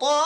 طَاعَةً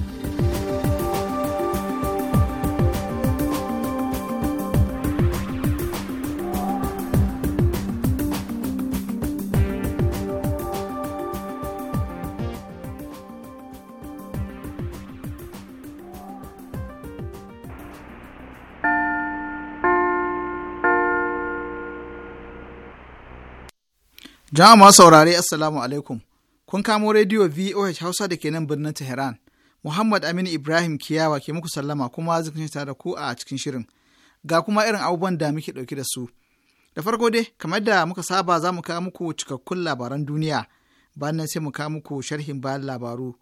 Jama'a masu saurare Assalamu alaikum. Kun kamo rediyo VOH Hausa da ke nan birnin Tehran. Muhammad Aminu Ibrahim Kiyawa ke muku sallama kuma zikin tare da ku a cikin shirin. Ga kuma irin abubuwan da muke ɗauke da su. Da farko dai, kamar da muka saba za mu kawo muku cikakkun labaran duniya, bayan nan sai mu kawo muku sharhin bayan labaru.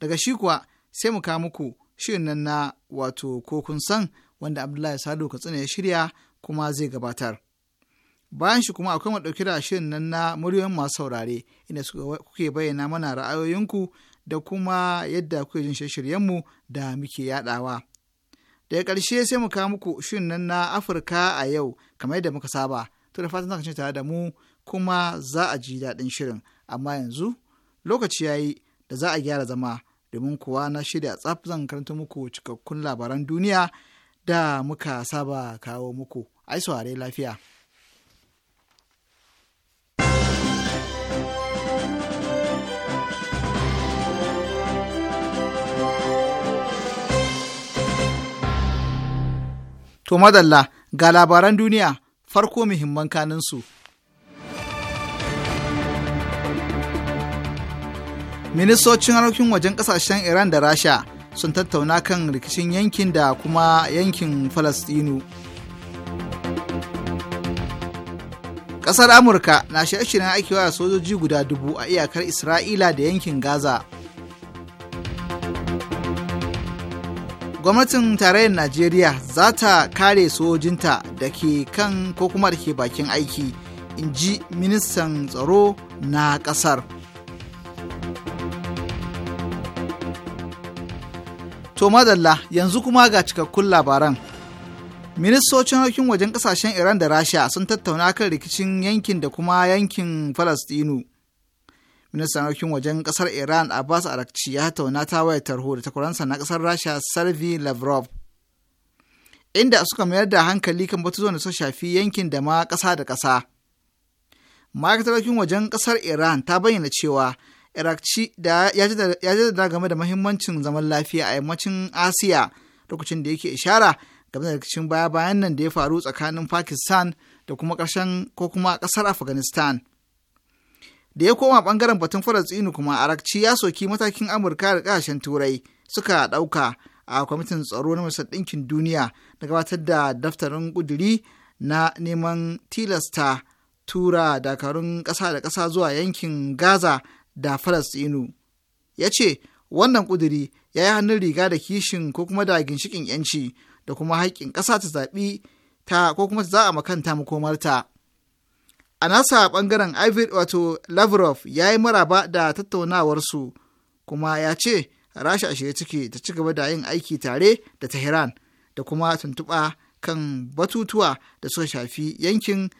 Daga shi kuwa sai mu kawo muku shirin nan na wato ko kun san wanda Abdullahi Sadu Katsina ya shirya kuma zai gabatar. bayan shi kuma akwai mu ɗauki da shirin nan na muryoyin masu saurare inda kuke bayyana mana ra'ayoyinku da kuma yadda kuke jin shirye-shiryenmu da muke yaɗawa. Daga ƙarshe sai mu kawo muku shirin nan na Afirka a yau kamar yadda muka saba. To da fatan zaka kasance tare da mu kuma za a ji daɗin shirin. Amma yanzu lokaci ya yi da za a gyara zama domin kuwa na shirya tsaf zan karanta muku cikakkun labaran duniya da muka saba kawo muku. Ai saurare lafiya. To madalla ga labaran duniya farko muhimman kaninsu. Ministocin harkokin wajen kasashen Iran da Rasha sun tattauna kan rikicin yankin da kuma yankin Falastinu. Ƙasar Amurka na shirye-shiryen aikewa sojoji guda dubu a iyakar Isra'ila da yankin Gaza. gwamnatin tarayyar najeriya za ta kare sojinta da ke kan ko kuma da ke bakin aiki in ji ministan tsaro na ƙasar to madalla yanzu kuma ga cikakkun labaran ministocin harkokin wajen kasashen iran da rasha sun tattauna kan rikicin yankin da kuma yankin falastinu ministan harkokin wajen kasar iran abbas arakci ya tauna ta wayar tarho da takwaransa na kasar rasha sarvi lavrov inda suka mayar da hankali kan zuwa da suka shafi yankin da ma kasa da kasa. ma'aikatar harkokin wajen kasar iran ta bayyana cewa irakci da ya jaddada game da mahimmancin zaman lafiya a yammacin asiya lokacin da yake ishara game da rikicin baya bayan nan da ya faru tsakanin pakistan da kuma ko afghanistan da ya koma bangaren batun falastinu kuma arakci ya soki matakin amurka da kasashen turai suka dauka a kwamitin tsaro na masar ɗinkin duniya da gabatar da daftarin kuduri na neman tilasta tura dakarun ƙasa da ƙasa zuwa yankin gaza da falastinu ya ce wannan kuduri ya yi hannun riga da kishin ko kuma da ginshikin yanci da kuma haƙƙin ƙasa ta zaɓi ta ko kuma ta za a makanta makomarta A nasa ɓangaren Ivory wato Lavrov ya yi maraba da tattaunawarsu kuma ya ce Rasha a shirye ciki ta ci gaba da yin aiki tare da Tehran da kuma tuntuɓa kan batutuwa da suka shafi yankin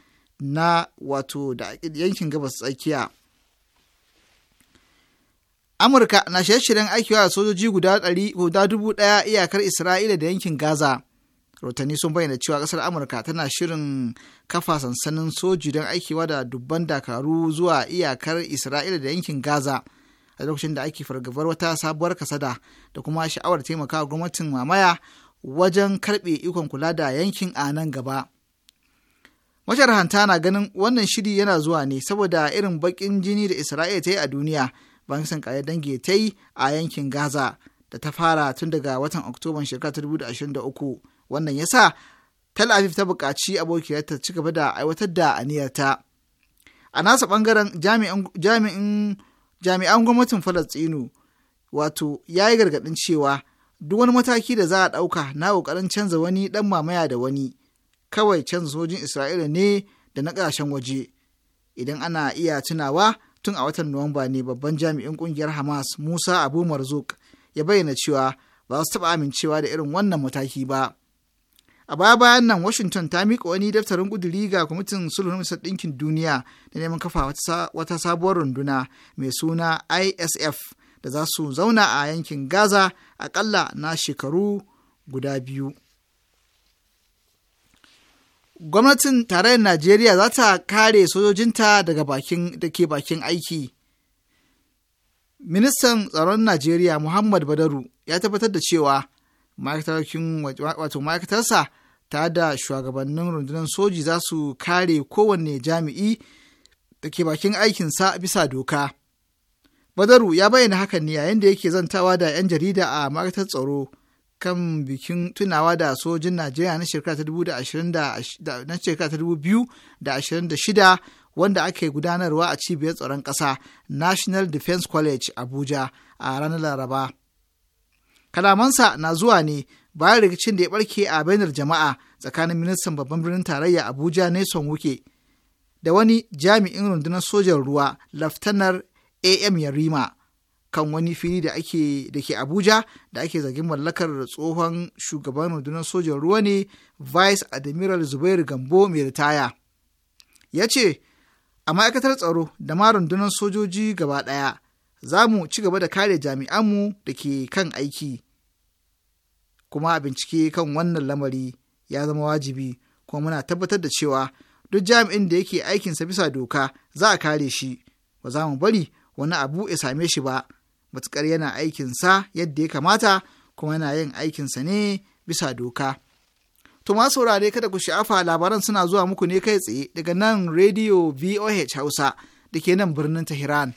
na wato da yankin gabas tsakiya. Amurka na shirye-shiryen aikiwa da sojoji guda dubu iyakar Isra'ila da yankin Gaza. rahotanni sun bayyana cewa kasar amurka tana shirin kafa sansanin soji don aikewa da dubban dakaru zuwa iyakar isra'ila da yankin gaza a lokacin da ake fargabar wata sabuwar kasada da kuma sha'awar taimakawa gwamnatin mamaya wajen karbe ikon kula da yankin a nan gaba hanta na ganin wannan shiri yana zuwa ne saboda irin bakin jini da isra'ila ta yi a duniya bayan san ƙayar dange ta yi a yankin gaza da ta fara tun daga watan oktoban shekara 2023 wannan ya sa tel aviv ta buƙaci abokiyarta ci gaba da aiwatar da aniyarta a nasa ɓangaren jami'an gwamnatin falastinu wato ya yi gargaɗin cewa duk wani mataki da za a ɗauka na ƙoƙarin canza wani ɗan mamaya da wani kawai canza sojin isra'ila ne da na ƙasashen waje idan ana iya tunawa tun a watan nuwamba ne babban jami'in ƙungiyar hamas musa abu marzuk ya bayyana cewa ba su taɓa amincewa da irin wannan mataki ba a baya bayan nan washington ta miƙa wani daftarin ƙuduri ga kwamitin sulhun misal ɗinkin duniya da neman kafa wata sabuwar runduna mai suna isf da za su zauna a yankin gaza aƙalla na shekaru guda biyu gwamnatin tarayyar najeriya za ta kare sojojinta daga bakin da ke bakin aiki ministan tsaron najeriya muhammad badaru ya tabbatar da cewa ma'aikatarsa ta da shugabannin rundunar soji za su kare kowanne jami'i da ke bakin aikinsa bisa doka. Badaru ya bayyana hakan ne yayin da yake zantawa da 'yan jarida a ma'aikatar tsaro kan bikin tunawa da sojin Najeriya na shekara ta biyu da ashirin shida wanda ake gudanarwa a cibiyar tsaron ƙasa National Defense College Abuja a ranar Laraba. Kalamansa na zuwa ne bayan rikicin da ya barke a bainar jama'a tsakanin ministan babban birnin tarayya Abuja Nelson Wuke da wani jami'in rundunar sojan ruwa Laftanar AM Yarima kan wani fili da ake da ke Abuja da ake zargin mallakar tsohon shugaban rundunar sojan ruwa ne Vice Admiral Zubair Gambo mai ritaya. Ya ce, a ma'aikatar tsaro da ma rundunar sojoji gaba ɗaya, za mu ci gaba da kare jami'anmu da ke kan aiki. kuma a bincike kan wannan lamari ya zama wajibi kuma muna tabbatar da cewa duk jami'in da yake aikinsa bisa doka za a kare shi ba za mu bari wani abu ya same shi ba matukar yana aikinsa yadda ya kamata kuma yana yin aikinsa ne bisa doka. To ma saurare kada ku sha'afa labaran suna zuwa muku ne kai tsaye daga nan Radio VOH Hausa da ke nan birnin Tehran.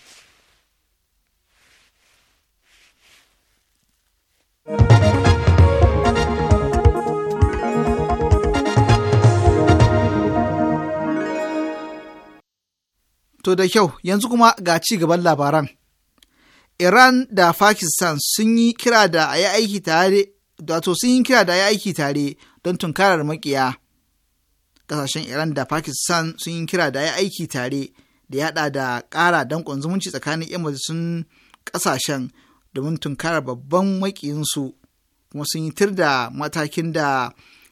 thank you To da kyau, yanzu kuma ga ci gaban labaran. Iran da Pakistan sun yi kira da a yi aiki tare, wato sun yi kira da a yi aiki tare don tunkarar makiya. Ƙasashen Iran da Pakistan sun yi kira da a yi aiki tare da yada da ƙara danƙon zumunci tsakanin 'yan majalisun ƙasashen domin tunkarar babban makiyinsu kuma sun yi tir da matakin da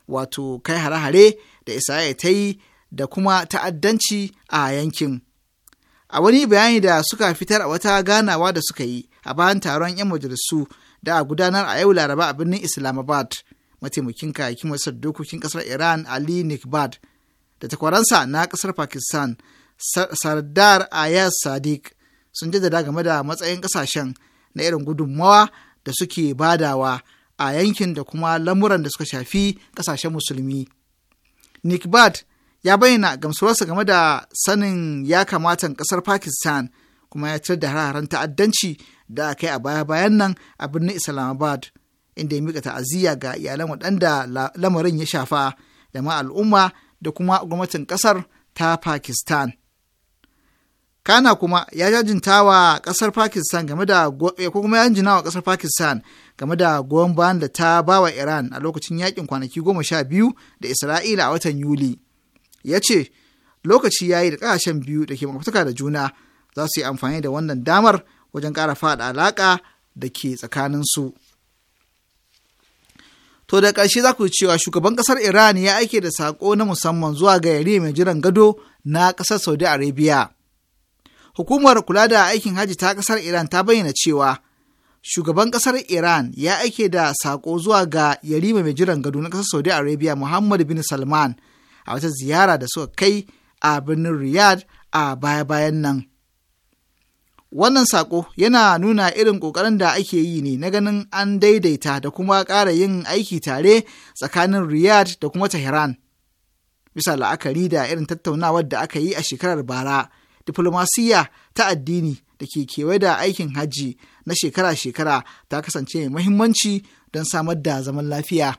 wato kai hare-hare da Isra'ila ta yi da kuma ta'addanci a yankin. a wani bayani da suka fitar a wata ganawa da suka yi a bayan taron 'yan majalisu da a gudanar a yau laraba a birnin islamabad mataimakin kayakin masar dokokin kasar iran ali nikbad da takwaransa na kasar pakistan sardar ayaz sadiq sun jaddada game da matsayin kasashen na irin gudunmawa da suke badawa a yankin da kuma lamuran da suka shafi kasashen musulmi nikbad ya bayyana gamsuwarsa game da sanin ya kamata ƙasar Pakistan kuma ya tar da hararen ta'addanci da aka yi a baya-bayan nan a birnin Islamabad inda ya mika ta'aziyya ga iyalan waɗanda lamarin ya shafa da al'umma da kuma gwamnatin kasar ta Pakistan. Kana kuma ya jajinta wa ƙasar Pakistan game da eh, ko kuma ya jina wa kasar Pakistan game da goyon bayan da ta bawa Iran a lokacin yakin kwanaki goma sha biyu da Isra'ila a watan Yuli. ya ce lokaci ya yi da ƙasashen biyu da ke makwabtaka da juna za su yi amfani da wannan damar wajen ƙara faɗa alaƙa da ke tsakaninsu. To da ƙarshe za ku cewa shugaban ƙasar Iran ya aike da saƙo na musamman zuwa ga yare mai jiran gado na ƙasar Saudi Arabia. Hukumar kula da aikin hajji ta ƙasar Iran ta bayyana cewa shugaban ƙasar Iran ya aike da saƙo zuwa ga yarima mai jiran gado na ƙasar Saudi Arabia Muhammad bin Salman a wata ziyara da suka kai a birnin Riyad a baya-bayan nan. Wannan saƙo yana nuna irin ƙoƙarin da ake yi ne na ganin an daidaita da kuma ƙara yin aiki tare tsakanin Riyad da kuma Tehran. Bisa la'akari da irin tattaunawar da aka yi a shekarar bara, diflomasiyya ta addini da ke kewaye da aikin hajji na shekara-shekara ta kasance mai muhimmanci don samar da zaman lafiya.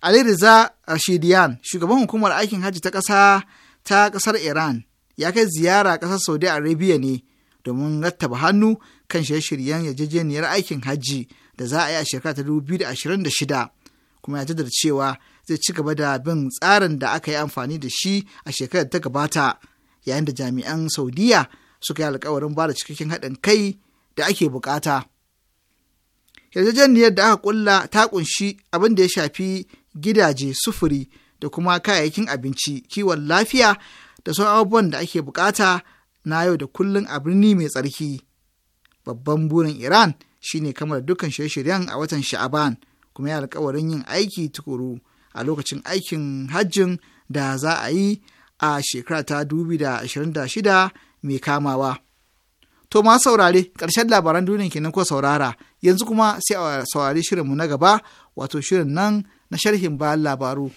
Ali Riza Rashidiyan, shugaban hukumar aikin hajji ta ƙasa ta ƙasar Iran, ya kai ziyara ƙasar Saudi Arabia ne domin rattaba hannu kan shirye-shiryen yarjejeniyar aikin hajji da za a yi a shekara ta 2026, kuma ya jaddada cewa zai ci gaba da bin tsarin da aka yi amfani da shi a shekarar ta gabata, yayin da jami'an Saudiya suka yi alkawarin ba da cikakken haɗin kai da ake bukata. yarjejeniyar da aka kulla ta kunshi abin da ya shafi gidaje sufuri da kuma kayayyakin abinci kiwon lafiya da sauran abubuwan da ake bukata na yau da kullum a birni mai tsarki babban burin iran shine kamar dukkan shirye-shiryen a watan sha'aban kuma ya alkawarin yin aiki tukuru a lokacin aikin hajjin da za a yi a shekara ta 2026 mai kamawa. To ma saurare ƙarshen labaran duniya kenan ko saurara yanzu kuma sai a saurari shirinmu na gaba wato shirin nan na sharhin bayan labaru.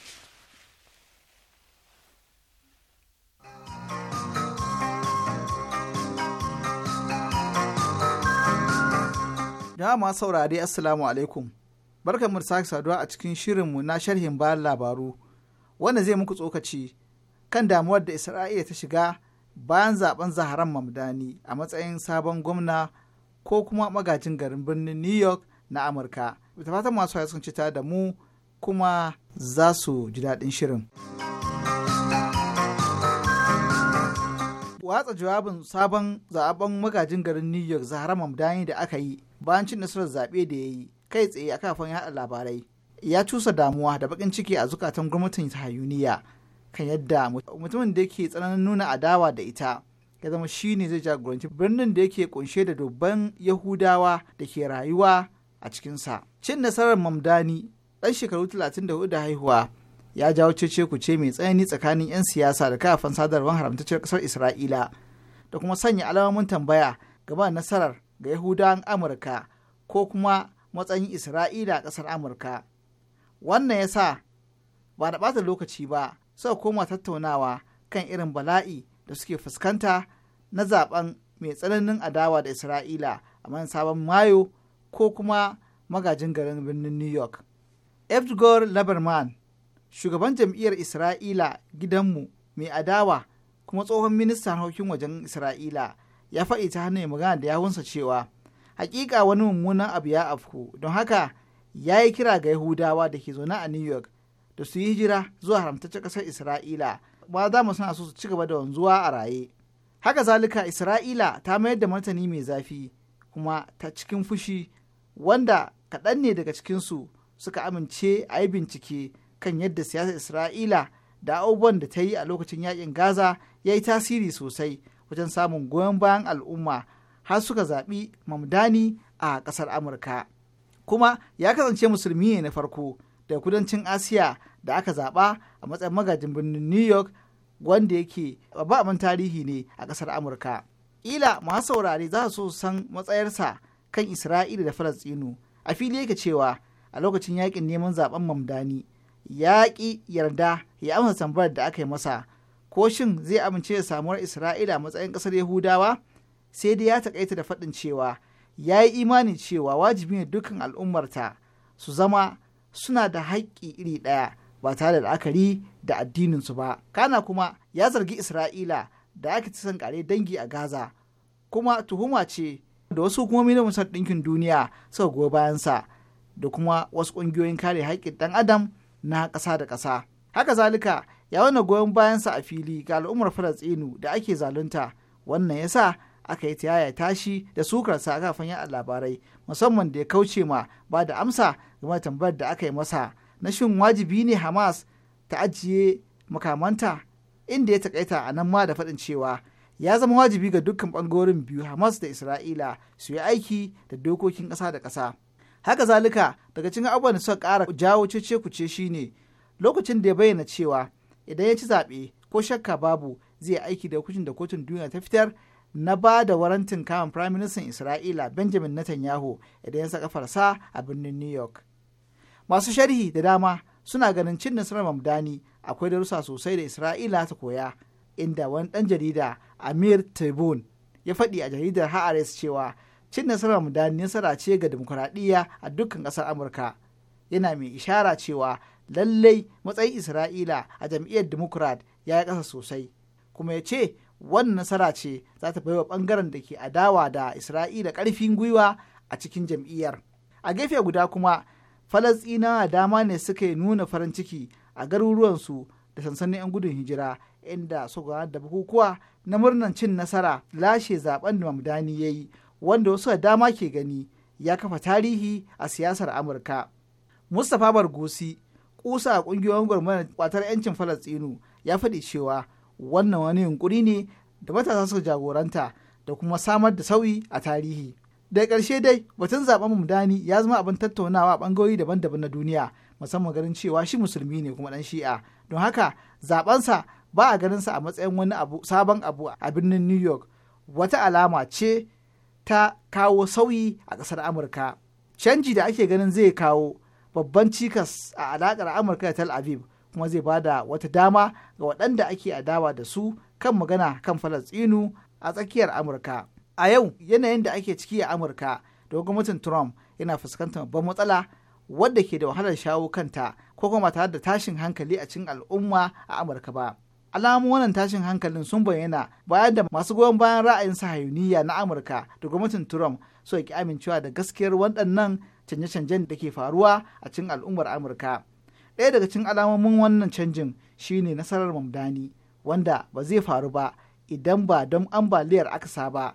Jama'a masu Assalamu alaikum. Barkan mu sake saduwa a cikin shirinmu na sharhin bayan labaru wanda zai muku tsokaci kan damuwar da Isra'ila ta shiga bayan zaben Zaharan Mamdani a matsayin sabon gwamna ko kuma magajin garin birnin New York na Amurka. Da fatan masu sun ci da mu kuma za su ji daɗin shirin. watsa jawabin sabon zaben magajin garin new york Zahra mamdani da aka yi bayan cin nasarar zaɓe da ya yi kai tsaye a kafin yaɗa labarai ya cusa damuwa da bakin ciki a zukatan gwamnatin hayuniya kan yadda mutumin da yake tsananin nuna adawa da ita ya zama shi ne zai jagoranci birnin da yake kunshe da dubban yahudawa da ke rayuwa a cikinsa cin nasarar mamdani ɗan shekaru 34 da haihuwa ya jawo cece kuce mai tsanani tsakanin 'yan siyasa da kafan sadarwar haramtacciyar ƙasar isra'ila da kuma sanya alamomin tambaya gaba nasarar ga yahudawan amurka ko kuma matsayin isra'ila a ƙasar amurka wannan ya sa ba da ɓata lokaci ba suka koma tattaunawa kan irin bala'i da suke fuskanta na zaben mai tsananin adawa da isra'ila a sabon mayo ko kuma magajin garin birnin new york edgar laberman shugaban jam'iyyar isra'ila gidanmu mai adawa kuma tsohon ministan harkokin wajen isra'ila ya faɗi ta hannun magana da yawunsa cewa hakika wani mummunan abu ya afku don haka ya yi kira ga yahudawa da ke zaune a new york da su yi hijira zuwa haramtaccen ƙasar isra'ila ba za mu suna so su ci gaba da wanzuwa a raye haka zalika isra'ila ta mayar da martani mai zafi kuma ta cikin fushi wanda kaɗan ne daga cikinsu suka amince a yi bincike kan yadda siyasar isra'ila da abubuwan da ta yi a lokacin yakin gaza ya yi tasiri sosai wajen samun goyon bayan al'umma har suka zaɓi mamdani a ƙasar amurka kuma ya kasance musulmi ne na farko da kudancin asiya da aka zaɓa a matsayin magajin birnin new york wanda yake babban tarihi ne a ƙasar amurka ila masu saurare za su san matsayarsa kan isra'ila da falastinu a fili yake cewa a lokacin yakin neman zaben mamdani ya ƙi yarda ya amsa tambayar da aka yi masa ko shin zai amince da samuwar isra'ila a matsayin ƙasar yahudawa sai dai ya taƙaita da faɗin cewa ya yi imanin cewa wajibi ne dukkan al'ummarta su zama suna da haƙƙi iri ɗaya ba tare da la'akari da addininsu ba kana kuma ya zargi isra'ila da ake ta kare dangi a gaza kuma tuhuma ce da wasu hukumomi na musar ɗinkin duniya suka goyi bayansa da kuma wasu ƙungiyoyin kare haƙƙin ɗan adam na ƙasa da ƙasa haka zalika ya wani goyon bayansa a fili ga al'ummar falastinu da ake zalunta wannan ya sa aka yi tiyaya tashi da sukarsa a kafin yaɗa labarai musamman da ya kauce ma ba da amsa game da tambayar da aka yi masa na shin wajibi ne hamas ta ajiye makamanta inda ya taƙaita a nan ma da faɗin cewa ya zama wajibi ga dukkan ɓangarorin biyu hamas da isra'ila su yi aiki da dokokin ƙasa da ƙasa haka zalika daga cikin abubuwan da suka ƙara jawo cece kuce shine lokacin da ya bayyana cewa idan ya ci zaɓe ko shakka babu zai aiki da hukuncin da kotun duniya ta fitar na ba da warantin kaman prime minister isra'ila benjamin netanyahu idan ya saka farsa a birnin new york masu sharhi da dama suna ganin cin nasarar mamdani akwai darussa sosai da isra'ila ta koya inda wani dan jarida amir tribune ya faɗi a jaridar haares cewa cin nasarar da nasara ce ga demokuraɗiyya a dukkan ƙasar amurka yana mai ishara cewa lallai matsayin isra'ila a jam'iyyar democrat ya yi ƙasa sosai kuma ya ce wannan nasara ce za ta baiwa ɓangaren da ke adawa da isra'ila ƙarfin gwiwa a cikin jam'iyyar a gefe guda kuma a dama ne suka nuna farin ciki a garuruwansu da sansanin 'yan gudun hijira inda suka da bukukuwa na murnar cin nasara lashe zaben da mamdani ya yi wanda wasu da dama ke gani ya kafa tarihi a siyasar amurka mustapha bargusi kusa a ƙungiyoyin gwamnati kwatar 'yancin falastinu ya faɗi cewa wannan wani yunkuri ne da matasa suka jagoranta da kuma samar da sauyi a tarihi da ƙarshe dai batun zaben mudani ya zama abin tattaunawa a ɓangarori daban-daban na duniya musamman ganin cewa shi musulmi ne kuma ɗan shi'a don haka zabensa ba a ganinsa a matsayin wani abu sabon abu a birnin new york wata alama ce ta kawo sauyi a ƙasar amurka canji da ake ganin zai kawo babban cikas a alaƙar amurka da tel aviv kuma zai ba da wata dama ga waɗanda ake adawa da su kan magana kan falastinu a tsakiyar amurka a yau yanayin da ake ciki a amurka da gwamnatin trump yana fuskantar babban matsala wadda ke da wahalar shawo kanta ko kuma tare da tashin hankali a cikin al'umma a amurka ba alamun wannan tashin hankalin sun bayyana bayan da masu goyon bayan ra'ayin sahayuniya na amurka da gwamnatin trump suka ki amincewa da gaskiyar waɗannan canje-canjen da ke faruwa a cikin al'ummar amurka ɗaya daga cikin alamomin wannan canjin shine nasarar mamdani wanda ba zai faru ba idan ba don ambaliyar akasa ba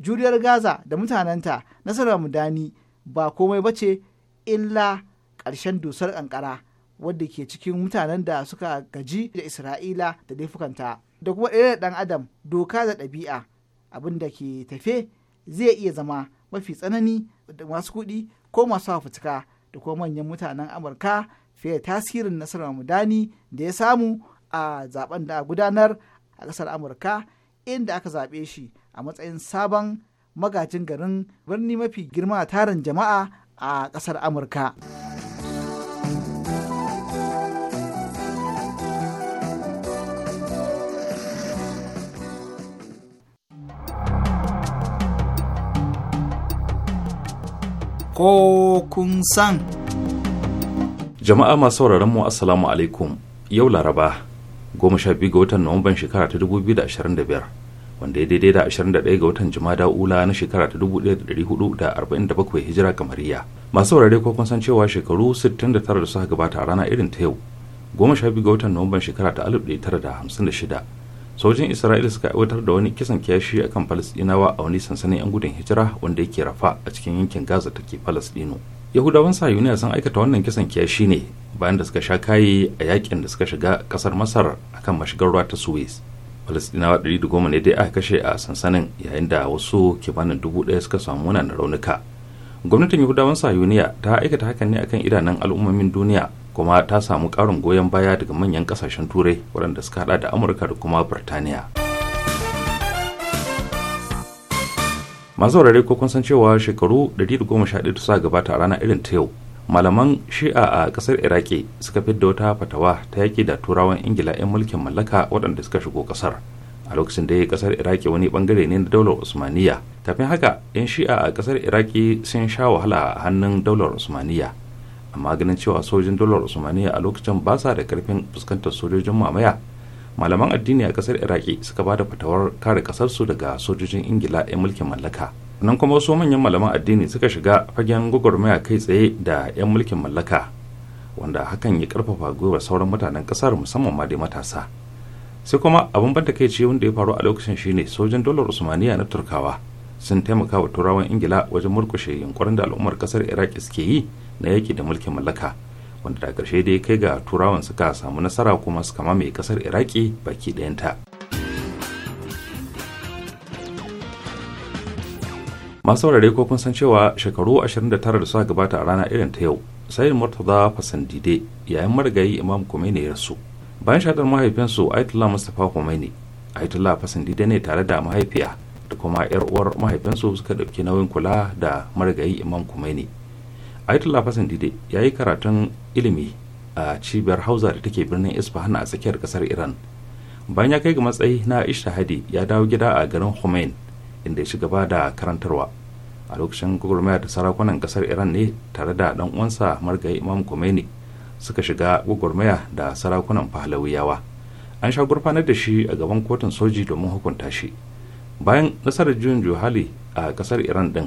juriyar gaza da mutanenta nasarar mamdani ba komai ba ce illa ƙarshen dusar ƙanƙara wadda ke cikin mutanen da suka gaji da isra'ila da laifukanta da kuma ɗaya ɗan adam doka da ɗabi'a abin da ke tafe zai iya zama mafi tsanani da masu kuɗi ko masu hafutuka da kuma manyan mutanen amurka fiye da tasirin nasarar mudani da ya samu a zaben da gudanar a ƙasar amurka inda aka zaɓe shi a matsayin sabon magajin garin birni mafi girma tarin jama'a a ƙasar amurka. ko kun san. Jama'a masu sauraron mu Assalamu alaikum yau Laraba goma sha biyu ga watan Nuwamban shekara ta dubu biyu da ashirin da biyar wanda ya daidai da ashirin da ɗaya ga watan Jumada Ula na shekara ta dubu ɗaya da ɗari hudu da arba'in da bakwai hijira kamariya. Masu saurare ko kun san cewa shekaru sittin da tara da suka gabata a rana irin ta yau goma sha biyu ga watan Nuwamban shekara ta alif ɗaya tara da hamsin da shida sojin isra'ila suka aiwatar da wani kisan kiyashi akan falasdinawa a wani sansanin yan gudun hijira wanda yake rafa a cikin yankin gaza ta ke falasdino yahudawan sayuniya sun aikata wannan kisan kyashi ne bayan da suka sha kaye a yakin da suka shiga kasar masar akan mashigar ruwa ta suez da goma ne dai aka kashe a sansanin yayin da wasu kimanin dubu ɗaya suka samu munanan raunuka gwamnatin yahudawan sayuniya ta aikata hakan ne akan idanun al'ummomin duniya kuma ta samu ƙarin goyon baya daga manyan ƙasashen turai waɗanda suka hada da amurka da kuma birtaniya masu ko kun san cewa shekaru 111 suka gabata a ranar irin ta yau malaman shi'a a ƙasar iraki suka fidda wata fatawa ta yaki da turawan ingila 'yan mulkin mallaka waɗanda suka shigo ƙasar a lokacin da ƙasar kasar iraki wani bangare ne na daular usmaniya kafin haka 'yan shi'a a ƙasar iraki sun sha wahala a hannun daular usmaniya amma ganin cewa sojojin dolar usmaniya a lokacin ba sa da karfin fuskantar sojojin mamaya malaman addini a kasar iraki suka ba da fatawar kare kasarsu daga sojojin ingila 'yan mulkin mallaka nan kuma wasu manyan malaman addini suka shiga fagen gwagwarmaya kai tsaye da 'yan mulkin mallaka wanda hakan ya karfafa gwiwar sauran mutanen kasar musamman ma dai matasa sai kuma abin ban takaici wanda ya faru a lokacin shine sojin dolar usmaniya na turkawa sun taimaka wa turawan ingila wajen murkushe yunkurin da al'ummar kasar iraki suke yi na yaƙi da mulkin mallaka wanda da karshe dai kai ga turawan suka samu nasara kuma suka mamaye ƙasar iraki baki ɗayanta masu saurare ko kun san cewa shekaru 29 da suka gabata a rana irin ta yau sayyid murtaza fasandide yayin marigayi imam kumaini ya rasu bayan shaɗar mahaifinsu ayatollah mustapha kumaini ayatollah fasandide ne tare da mahaifiya da kuma yar uwar mahaifinsu suka ɗauki nauyin kula da marigayi imam kumaini. Aitullah Fasin Dide ya yi karatun ilimi a cibiyar Hausa da take birnin Isfahan a tsakiyar kasar Iran. Bayan ya kai ga matsayi na Ishtahadi ya dawo gida a garin Khomein inda ya shiga da karantarwa. A lokacin gwagwarmaya da sarakunan kasar Iran ne tare da ɗan uwansa margayi Imam Khomeini suka shiga gwagwarmaya da sarakunan Pahlawiyawa. An sha gurfanar da shi a gaban kotun soji domin hukunta shi. Bayan nasarar juyin Johali a kasar Iran din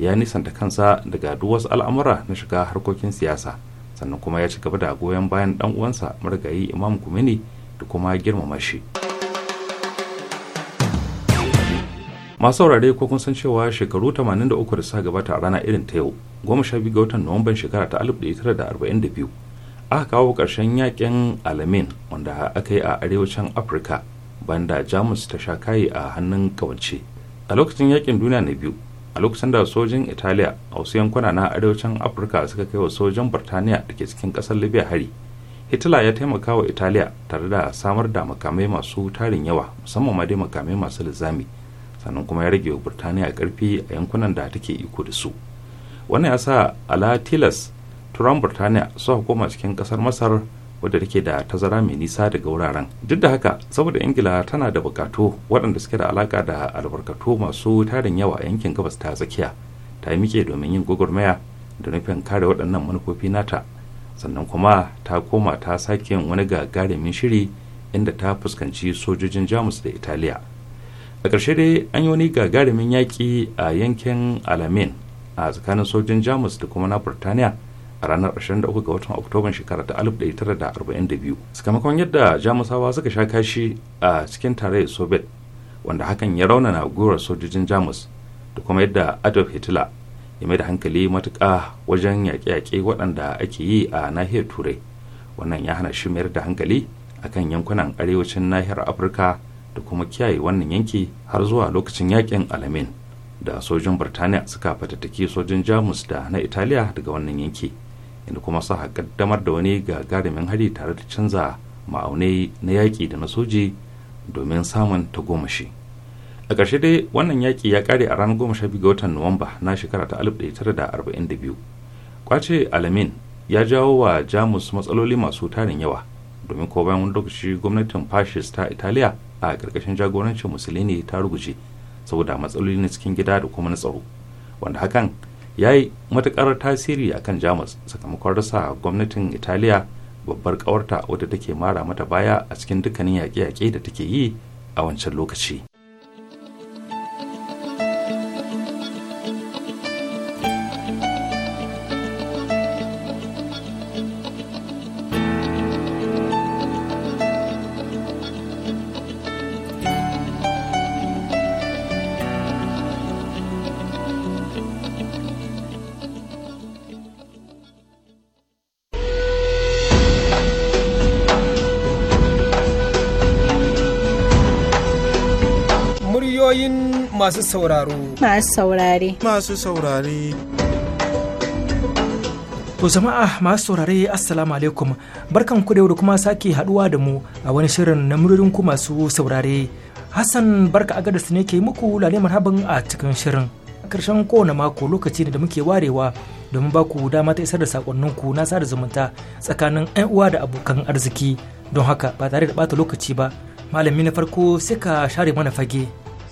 ya nisanta kansa daga duk wasu al'amura na shiga harkokin siyasa sannan kuma ya ci gaba da goyon bayan dan uwansa marigayi imam kumini da kuma girmama shi masu saurare ko kun san cewa shekaru 83 da suka gabata a rana irin ta yau goma sha biyu ga watan nuwamban shekara ta 1942 aka kawo ƙarshen yakin alamin wanda aka yi a arewacin afirka banda jamus ta sha kayi a hannun kawance a lokacin yakin duniya na biyu a lokacin da sojin italiya a wasu yankuna na arewacin afirka suka kai wa sojin birtaniya da ke cikin kasar libya hari hitler ya taimaka wa italiya tare da samar da makamai masu tarin yawa musamman ma dai makamai masu lizami sannan kuma ya rage wa birtaniya karfi a yankunan da take iko da su wannan ya sa ala tilas turan birtaniya su hukuma cikin kasar masar wadda take da tazara mai nisa daga wuraren duk da haka saboda ingila tana da bukatu waɗanda suke da alaka da albarkatu masu tarin yawa a yankin gabas ta tsakiya ta yi mike domin yin gwagwarmaya da nufin kare waɗannan manufofi nata sannan kuma ta koma ta sake wani gagarumin shiri inda ta fuskanci sojojin jamus da italiya a ƙarshe dai an yi wani gagarumin yaƙi a yankin alamin a tsakanin sojin jamus da kuma na burtaniya a ranar 23 ga watan oktoban shekara ta 1942 sakamakon yadda jamusawa suka sha kashi a cikin tarayyar soviet wanda hakan ya raunana gurar sojojin jamus da kuma yadda adolf hitler ya mai da hankali matuƙa wajen yaƙe-yaƙe waɗanda ake yi a nahiyar turai wannan ya hana shi mayar da hankali akan yankunan arewacin nahiyar afirka da kuma kiyaye wannan yanki har zuwa lokacin yaƙin alamin da sojin birtaniya suka fatattaki sojin jamus da na italiya daga wannan yanki inda kuma sa kaddamar da wani gagarumin hari tare da canza ma'aunai na yaƙi da na soji domin samun ta tagomashi a ƙarshe dai wannan yaƙi ya ƙare a ranar goma sha ga watan nuwamba na shekara ta 1942 kwace alamin ya jawo wa jamus matsaloli masu tarin yawa domin ko bayan wani lokaci gwamnatin fascist ta italiya a ƙarƙashin jagorancin musulini ta ruguje saboda matsaloli na cikin gida da kuma na tsaro wanda hakan ya yi matuƙar tasiri a kan jamus sakamakon rasa gwamnatin italiya babbar ƙawarta wadda take mara mata baya a cikin dukkanin yaƙe-yaƙe da take yi a wancan lokaci ra'ayoyin masu sauraro. Masu saurare. Masu saurare. To jama'a masu saurare assalamu alaikum barkan ku da yau kuma sake haduwa da mu a wani shirin na ku masu saurare. Hassan barka a gadas ne ke muku lale marhaban a cikin shirin. karshen kowane mako lokaci ne da muke warewa domin ba ku dama ta isar da sakonninku na sada zumunta tsakanin 'yan uwa da abokan arziki don haka ba tare da bata lokaci ba malami na farko sai ka share mana fage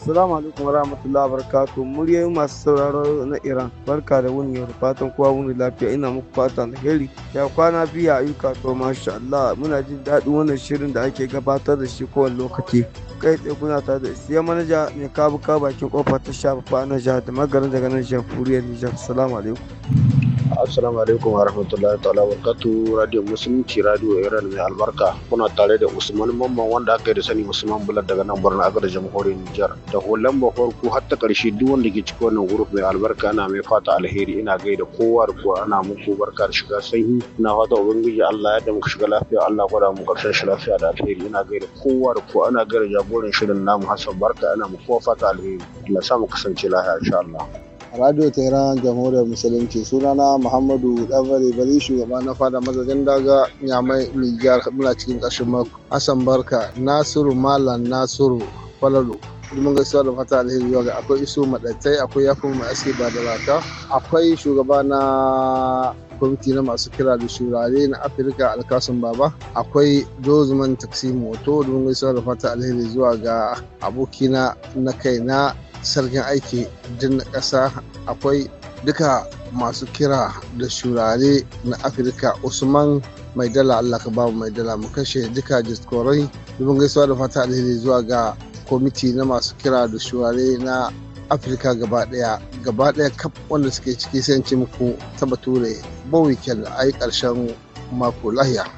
Assalamu alaikum wa rahmatullahi wa masu sauraro na Iran. Barka da wuni yau fatan kowa wuni lafiya ina muku fata alheri. Ya kwana biya ayyuka to masha Allah muna jin daɗin wannan shirin da ake gabatar da shi kowane lokaci. Kai tsaye kuna ta da siya manaja mai kabu bakin kofar ta shafa na jihar da magarin daga nan jamhuriyar Nijar. Assalamu alaikum. Assalamu alaikum wa rahmatullahi ta'ala wa barakatu Radio Musulunci Radio Iran mai albarka. Kuna tare da Usman Mamman wanda aka yi da sani Usman Bulat daga nan birnin Agar Jamhuriyar Nijar. Da hulan farko har ta karshe duk wanda ke cikin wannan grup mai albarka ana mai fata alheri ina gaida kowa da kowa ana muku barka da shiga sanyi. Ina fata ubangiji Allah ya da muku shiga lafiya Allah ya mu karshen shi lafiya da alheri ina gaida kowa da kowa ana gaida jagoran shirin namu Hassan Barka ana muku fata alheri. Allah sa mu kasance lafiya insha Allah. radio tehran jamhuriyar musulunci sunana muhammadu ɗanbare bari shugaba na fada mazajen daga nyamai nijar muna cikin ƙarshen mako hassan barka nasiru malam nasiru falalu domin gaisuwa da fata alheri yau akwai iso maɗaitai akwai yafi mai aski ba da raka akwai shugaba na kwamiti na masu kira da shurare na afirka alkasun baba akwai dozman taksi moto domin gaisuwa da fata alheri zuwa ga abokina na kaina sarkin aiki din ƙasa akwai duka masu kira da shurare na afirka usman mai dala allah ka babu mai dala mu kashe duka jiskorai dubin gaisuwa da fata alheri zuwa ga kwamiti na masu kira da shurare na afirka gaba daya gaba daya kaf wanda suke ciki sai muku ta bature bawai a yi karshen mako lahiya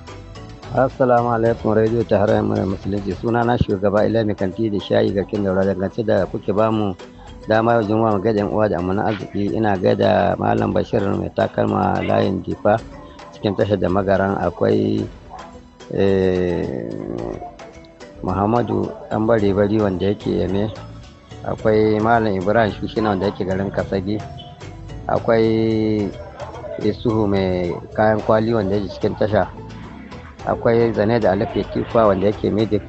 Assalamu alaikum Radio Tahrir mai Musulunci suna na shugaba Ilami Kanti da shayi kin daura dangance da kuke bamu dama yau juma'a ga gaida uwa da amana arziki ina gaida malam Bashir mai takalma layin difa cikin tashar da magaran akwai eh, Muhammadu dan bari bari wanda yake yame akwai malam Ibrahim Shushina wanda yake garin Kasagi akwai Isuhu mai kayan kwali wanda yake cikin tasha akwai zane da alafi kifa wanda yake medic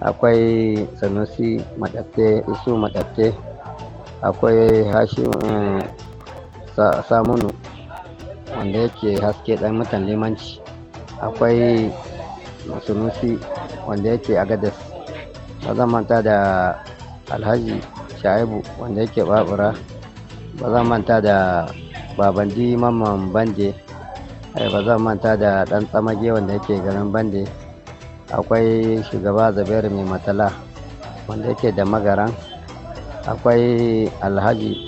akwai sanusi madatte isu matatte akwai hashim eh, samunu wanda yake haske dan mutan limanci akwai sanusi wanda yake agadas ba zan manta da alhaji shaibu wanda yake babura ba zan manta da babandi mamman bande Eh, ba zan manta da ɗan tsamage wanda yake garin bande akwai shugaba Zubairu mai matala wanda yake da magaran akwai alhaji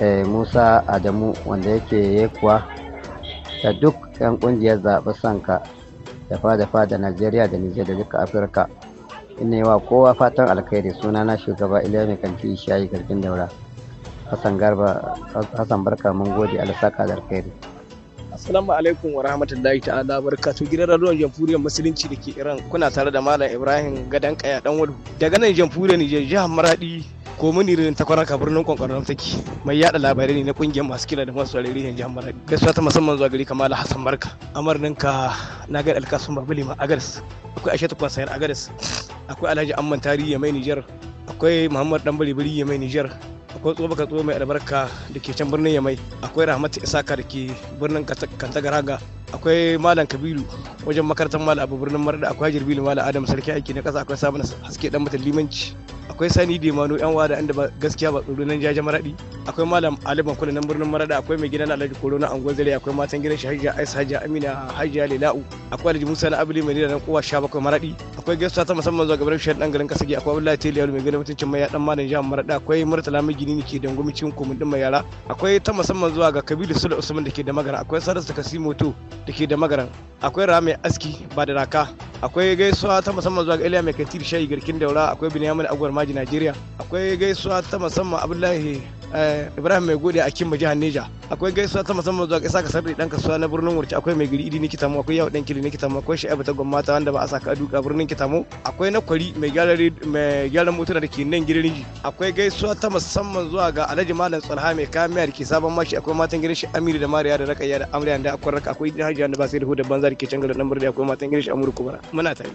eh, musa adamu wanda yake yekuwa da duk 'yan kungiyar zaɓi sanka da fada da najeriya da nijar da duka afirka ina wa kowa fatan alkhairi suna na shugaba iliya mai kanti shayi gargin daura hassan barka mun gode alasaka da alkhairi Assalamu alaikum wa rahmatullahi ta'ala barkatu gidan radon jamhuriyar musulunci da ke Iran kuna tare da Malam Ibrahim Gadan Kaya dan wadu daga nan jamhuriyar Nijar jihar Maradi ko muni rin takwarar ka birnin kwankwaron take mai yada labarai ne na kungiyar masu kira da masu rarrahi jihar Maradi Gaskiya ta musamman zuwa gari kamar Hassan Barka amarnin ka na ga alkasun babali ma agaris akwai Aishatu Sayar agaris akwai Alhaji Amman Tarihi mai Nijar akwai Muhammad Dan Bari ya mai Nijar akwai tsoba ka tsoba mai albarka da ke can birnin yamai akwai rahmatu isaka da ke birnin kantagaraga akwai malam kabiru wajen makarantar malam abu birnin marda akwai hajar bilu malam adam sarki aiki na kasa akwai sabon haske dan mutan limanci akwai sani da mano yan wada inda ba gaskiya ba tsoro nan jaje maradi akwai malam aliban kula nan birnin maradi akwai mai gidan alhaji koro na angon zare akwai matan gidan shahiya aisha hajiya amina hajiya lela'u akwai alhaji musa na abili mai nan kowa sha bakwai maradi akwai gaisuwa ta musamman zuwa gabar shahin dan garin kasa gi akwai abdullahi teliyar mai gidan mutuncin mai dan malam jihar maradi akwai murtala mai gini ne ke dangwami cikin komin din mai yara akwai ta musamman zuwa ga kabilu sulu usman da ke da magana akwai sarasu kasimoto da ke da magaran akwai mai aski ba da raka akwai gaisuwa ta musamman zuwa ga Iliya mai kantir shayi girkin daura akwai Binyamin Agwar Maji Najeriya akwai gaisuwa ta musamman Abdullahi eh, Ibrahim mai gode a Kimba jihar Neja akwai gaisuwa ta musamman zuwa ga Isa da dan suwa na birnin Wurci akwai mai gari Idi Nikitamu akwai Yawo dan Kili Nikitamu akwai Sha'ibu ta Gwamnati wanda ba a saka duka birnin Kitamu akwai na Kwari mai gyaran mai motuna da ke nan gidan Riji akwai gaisuwa ta musamman zuwa ga Alhaji Malam Tsalha mai kamiya da ke sabon mashi akwai matan gidan shi Amiri da Mariya da Rakayya da Amriya da akwai raka akwai hajji annabi sai da banza da ke can garin lambar da akwai matan English Amurka bara muna tare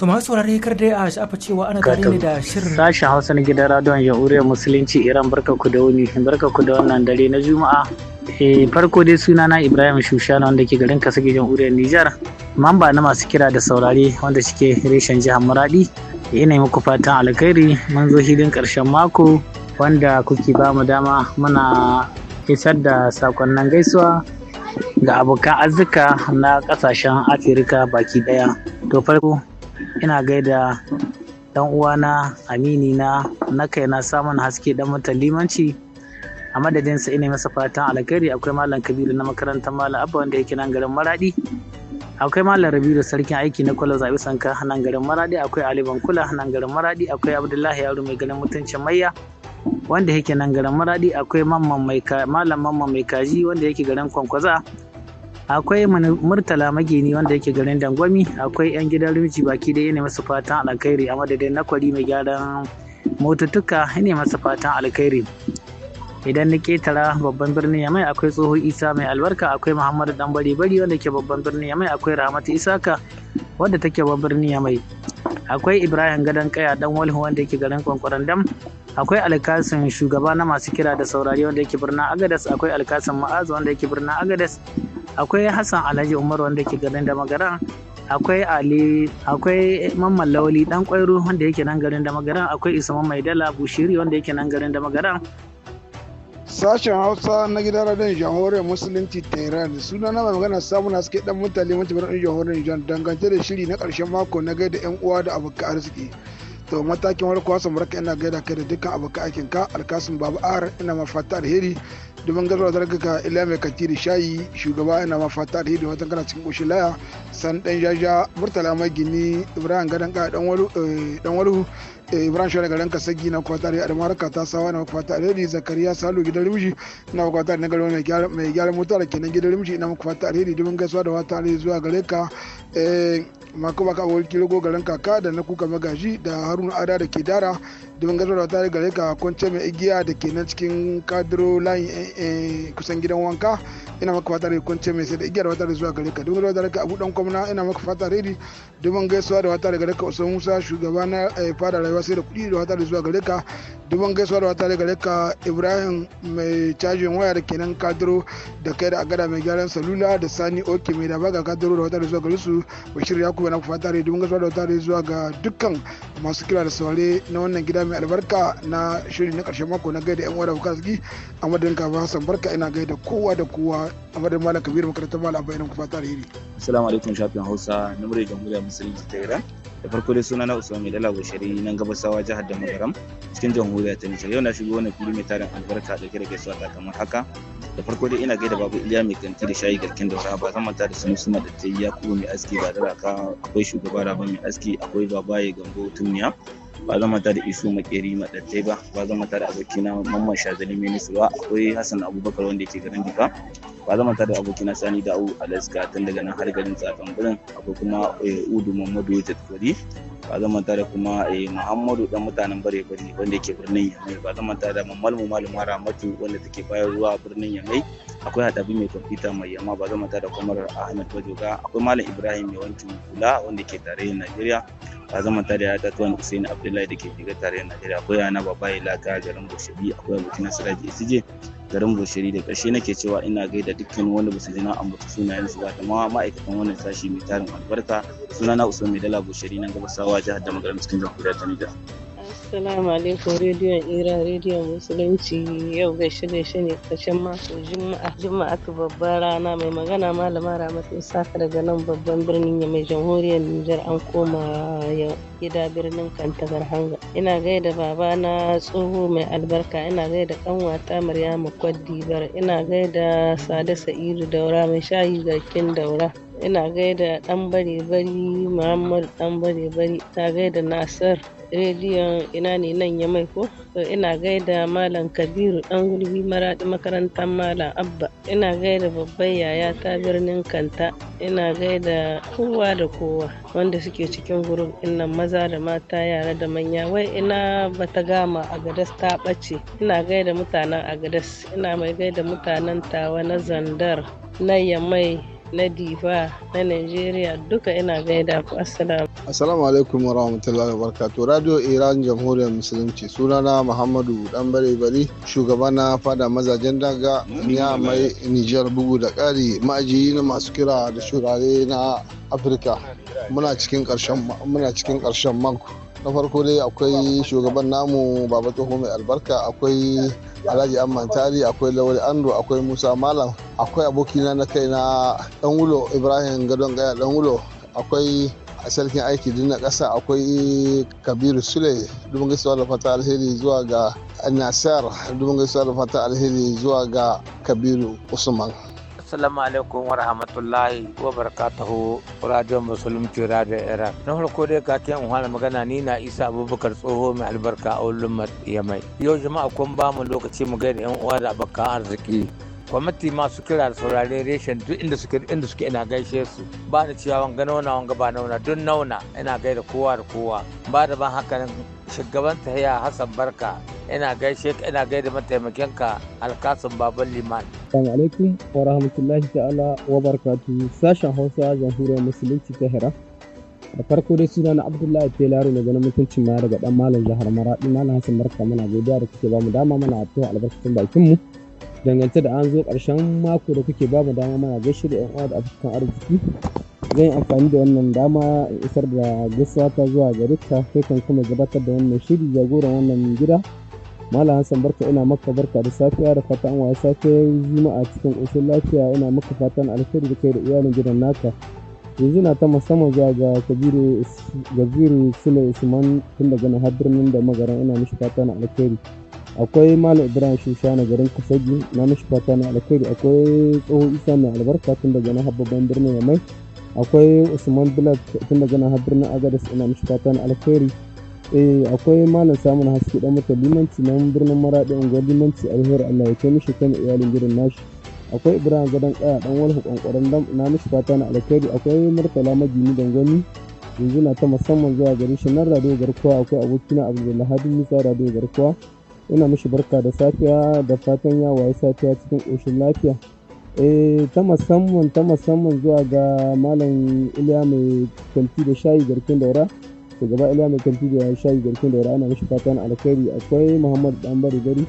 To masu saurare kar dai a shafa cewa ana tare ne da shirin. Sashi Hausa na gidan Radon Jamhuriyar Musulunci Iran barka ku da wuni, barka ku da wannan dare na Juma'a. E, farko dai suna na Ibrahim Shushana wanda ke garin Kasage Jamhuriyar Nijar, mamba na masu kira da saurare wanda suke reshen jihar Muradi. Eh, ina muku fatan alkhairi mun zo hidin karshen mako wanda kuke ba mu dama muna isar da sakonnin gaisuwa ga abokan arzika na kasashen afirka baki daya to farko ina gaida dan uwana amini na na kai na samun haske dan mutan limanci a madadinsa ina masa fatan alkhairi akwai Mallam kabiru na makarantar Mallam. abba wanda yake nan garin maradi akwai malam rabiru sarkin aiki na kwallon zabi sanka nan garin maradi akwai aliban kula. nan garin maradi akwai abdullahi yaro mai ganin mutuncin mayya wanda yake nan garin maradi akwai malam mamman mai kaji wanda yake garin kwankwaza akwai murtala magini wanda yake garin dangwami akwai yan gidan rumji baki da yana masu fatan alkhairi a madadin na kwari mai gyaran motutuka yana masa fatan alkhairi idan na ketara babban birnin yamai akwai tsoho isa mai albarka akwai muhammadu dan bari bari wanda ke babban birnin yamai akwai rahmatu isaka wanda take babban birnin yamai akwai ibrahim gadon kaya dan walhu wanda yake garin kwankwaran dam akwai alkasin shugaba na masu kira da saurari wanda yake birnin agadas akwai alkasin ma'az wanda yake birnin agadas akwai hassan alhaji umar wanda yake garin da magaran akwai ali akwai mamman lawali dan kwairo wanda yake nan garin da magaran akwai isa mamman dala bushiri wanda yake nan garin da magaran Sashen Hausa na gidan radon jamhuriyar Musulunci Tehran suna na mai magana samu na suke dan mutane mutumar ɗan jamhuriyar jan dangance da shiri na karshen mako na gaida 'yan uwa da abokan arziki. to matakin wani kwasa barka ina gaida kai da dukkan abokan aikin ka alkasim babu ar ina ma fata alheri domin gazuwa zargaka ila mai da shayi shugaba ina ma fata alheri wata kana cikin ƙoshin laya san dan jaja murtala mai gini ibrahim gadan ka dan walu eh, Eh, Ibrahim Shawara garin Kasagi na kwatare a Damaraka ta sawa na kwatare ne Zakariya Salu gidan Rimshi na kwatare na garin mai gyara mota da kenan gidan Rimshi ina kwatare ne domin gaisuwa da wata zuwa gare ka eh, amma kuma ka wani kilo garin kaka da na kuka magaji da haruna ada da ke dara da bangar ta gare ka kwance mai igiya da ke nan cikin kadiro layin eh, eh, kusan gidan wanka ina maka fata rai kwance mai sai da igiya da wata da zuwa gare ka domin da ka abu dan kwamna ina maka fata rai domin gaisuwa da wata da gare ka usman musa shugaba na eh, fada rayuwa sai da kudi da wata da zuwa gare ka domin gaisuwa da wata da gare ka ibrahim mai cajin waya da ke nan kadiro da kai da agada mai gyaran salula da sani oke mai da baga kadiro da wata da zuwa gare su bashir yaku ku na fata da mun gaisuwa da wata zuwa ga dukkan masu kira da saurare na wannan gida mai albarka na shirin na karshen mako na gaida yan wadda da bukas a madadin kafa hassan barka ina gaida kowa da kowa a madadin malam kabiru makarantar malam bayanin ku fata da hiri assalamu alaikum shafin hausa na murya jamhuriyar musulunci ta da farko dai suna na usman mai dala bushari nan gabasawa jihar da magaram cikin jamhuriyar ta nijar yau na shigo wani fili mai tarin albarka da kira ta kamar haka da farko dai ina gaida babu iliya mai kanti da shayi garkin daura ba zan manta da sunu suna da tayi kuma mai aski ba da raka akwai shugaba raba mai aski akwai babaye gambo tuniya. ba zama manta da isu makeri madattai ba ba zama manta da abokina mamman shazali menisu ba akwai hassan abubakar wanda yake garin duka ba zama manta da abokina sani da'u alaska tun daga nan har garin tsakan birnin akwai kuma eh, udu mamadu tatkori ba zama manta da kuma eh, muhammadu dan mutanen bare bare wanda yake birnin yamai ba zama manta da Mamalmu malama ramatu wanda take bayarwa a birnin yamai akwai hadabi mai kwamfuta mai yamma ba zama manta da kwamar ahmed bajoga akwai malam ibrahim mai wankin kula wanda ke tarayyar najeriya ta zama ta da yata tuwan Usaini Abdullahi da ke shiga tarayyar Najeriya akwai yana babaye laka garin Bushiri akwai abokin Siraji Isije garin Bushiri da ƙarshe nake cewa ina gaida dukkan wanda basu ji na ambata sunayen su ba da ma ma'aikatan wannan sashi mai tarin albarka sunana Usaini Mai Dala Bushiri nan gabasawa jihar Damagaram cikin jamhuriyar ta Nijar. Assalamu alaikum rediyon Iran rediyon Musulunci yau ga shirye shirye karshen mako Juma'a Juma'a ta babbar rana mai magana malama Ramatu Isaka daga nan babban birnin mai jamhuriyar Nijar an koma gida birnin Kantagar Hanga ina gaida baba na tsoho mai albarka ina gaida kanwata Maryamu Kwadibar ina gaida Sade Sa'idu Daura mai shayi garkin Daura ina gaida dan bare bari Muhammad dan bare bari ta gaida Nasir rediyon ina ne nan ya mai ko ina gaida malam kabiru dan gulbi maradi makarantar malam abba ina gaida babban yaya ta birnin kanta ina gaida kowa da kowa wanda suke cikin gurin Inna maza da mata yara da manya wai ina bata gama a gadas ta ɓace ina gaida mutanen a ina mai gaida mutanen tawa na zandar na yamai na diva na nigeria duka ina gaida ku assalamu assalamu alaikum warahmatullahi wabarakatuh radio iran jamhuriyar musulunci sunana muhammadu dan bare bari shugaba na fada mazajen daga ya mai niger bugu da kari maji na masu kira da shurare na afirka muna cikin karshen mako na farko dai akwai shugaban namu baba tsoho mai albarka akwai alhaji amman tari akwai lawal ando akwai musa malam akwai abokina na kai na dan wulo ibrahim gadon gaya dan wulo akwai a sarkin aiki dinna kasa akwai kabiru sule dubin gaisuwa da fata alheri zuwa ga nasar dubin gaisuwa da fata alheri zuwa ga kabiru usman assalamu alaikum wa rahmatullahi wa barakatuhu radio musulunci radio iraq na farko dai ka ta yan magana ni na isa abubakar tsoho mai albarka a ulun yamai yau jama'a kun ba mu lokaci mu gaida yan uwa da abokan arziki kwamiti masu kira da saurare reshen duk inda suke inda suke ina gaishe su ba da cewa wanga nauna wanga ba nauna duk nauna ina gaida kowa da kowa ba da ban haka shugaban tahiya hassan barka ina gaishe ka ina gaida mataimakin ka alkasun baban liman assalamu alaikum wa rahmatullahi ta'ala wa barkatu sashen hausa jamhuriyar musulunci ta hira da farko dai suna na abdullahi telaro na ganin mutuncin ma daga dan malam jihar maradi malam hasan barka muna godiya da kuke bamu dama mana a addu'a albarkacin bakin mu dangance da an zo karshen mako da kuke bamu dama mana gaishe da yan uwa da abokan arziki zan yi amfani da wannan dama isar da gaisuwa ta zuwa gare ka kai kan kuma gabatar da wannan shiri jagoran wannan gida Malam Hassan barka ina maka barka da safiya da fata an waya safiyar Juma'a cikin usul lafiya ina maka fatan alheri da kai da iyalin gidan naka. Yanzu na ta musamman zuwa ga Kabiru Gabiru Sule Usman tun daga nan har birnin da magaran ina mishi fatan alheri. Akwai Malam Ibrahim Shushana garin Kasagi na mishi fatan alheri akwai tsohon Isa mai albarka tun daga nan har babban birnin Yamai. Akwai Usman Bilal tun daga nan har birnin Agadez ina mishi fatan alheri. eh akwai malam samun haske dan mata limanci nan birnin maraɗi unguwar limanci alheri allah ya kai mishi kan iyalin gidan nashi akwai ibrahim gadon kaya dan walhu kwankwaran dam na mishi fata na alkhairi akwai murtala majini dangwani yanzu na ta musamman zuwa gare shi nan radio garkuwa akwai abokina abdullahi musa radio garkuwa ina mishi barka da safiya da fatan ya waye safiya cikin koshin lafiya eh ta musamman ta musamman zuwa ga malam iliya mai kanti da shayi garkin daura shugaba ila mai kanti da ya shayi garkin da ana mashi fatan alkhairi akwai muhammad dan bari gari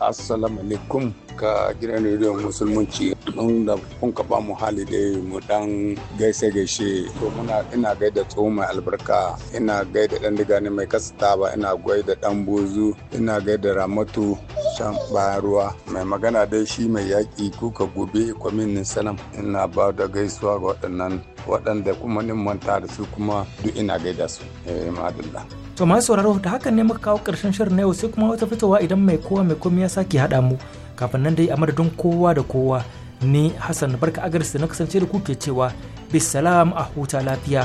assalamu alaikum ka gidan rediyon musulunci don da kun ka mu hali dai mu dan gaise gaishe to muna ina gaida tso mai albarka ina gaida dan diga ne mai kasta ba ina gaida dan bozu ina gaida ramatu shan baruwa mai magana dai shi mai yaƙi kuka gobe kwaminin sanam ina ba da gaisuwa ga waɗannan waɗanda kuma nin manta da su kuma duk ina gaida su eh madalla to masu sauraro da hakan ne muka kawo ƙarshen shirin na yau sai kuma wata fitowa idan mai kowa mai komai ya sake haɗa mu kafin nan dai a madadin kowa da kowa ni hassan barka agarsu na kasance da kuke cewa bisalam a huta lafiya.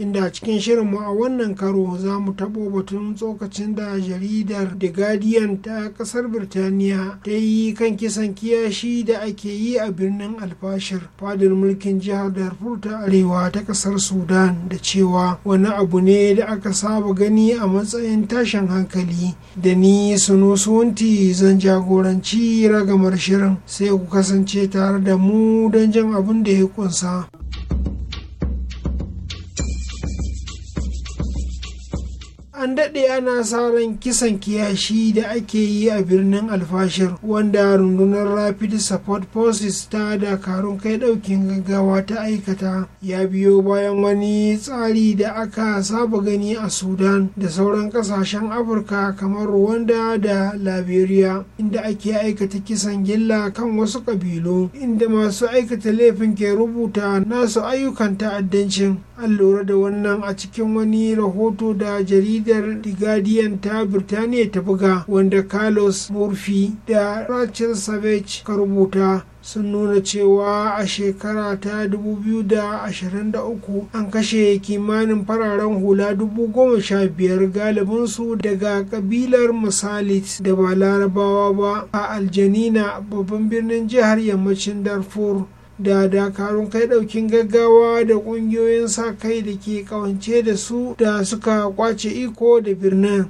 inda cikin shirinmu a wannan karo za mu taɓo batun tsokacin da jaridar the guardian ta ƙasar birtaniya ta yi kan kisan kiyashi da ake yi a birnin alfashir fadar mulkin jihar darfur ta arewa ta ƙasar sudan da cewa wani abu ne da aka saba gani a matsayin tashin hankali da ni suno suwanti zan jagoranci ragamar shirin sai ku kasance tare da mu don jin abin da ya kunsa. an daɗe ana sa ran kisan kiyashi da ake yi a birnin alfashir wanda rundunar rapid support forces ta dakarun kai ɗaukin gaggawa ta aikata ya biyo bayan wani tsari da aka saba gani a sudan da sauran ƙasashen afirka kamar rwanda da liberia inda ake aikata kisan gilla kan wasu ƙabilu inda masu aikata laifin ke rubuta nasu ayyukan ta'addancin an lura da wannan a cikin wani rahoto da jaridar the guardian ta birtaniya ta buga wanda carlos murphy da rachel savage ka rubuta sun nuna cewa a shekara ta 2023 an kashe kimanin fararen hula 15,000 galibinsu daga kabilar musalit da ba larabawa ba a aljanina babban birnin jihar yammacin darfur da dakarun kai daukin gaggawa da kungiyoyin sa kai da ke kawance da su da suka kwace iko da birnin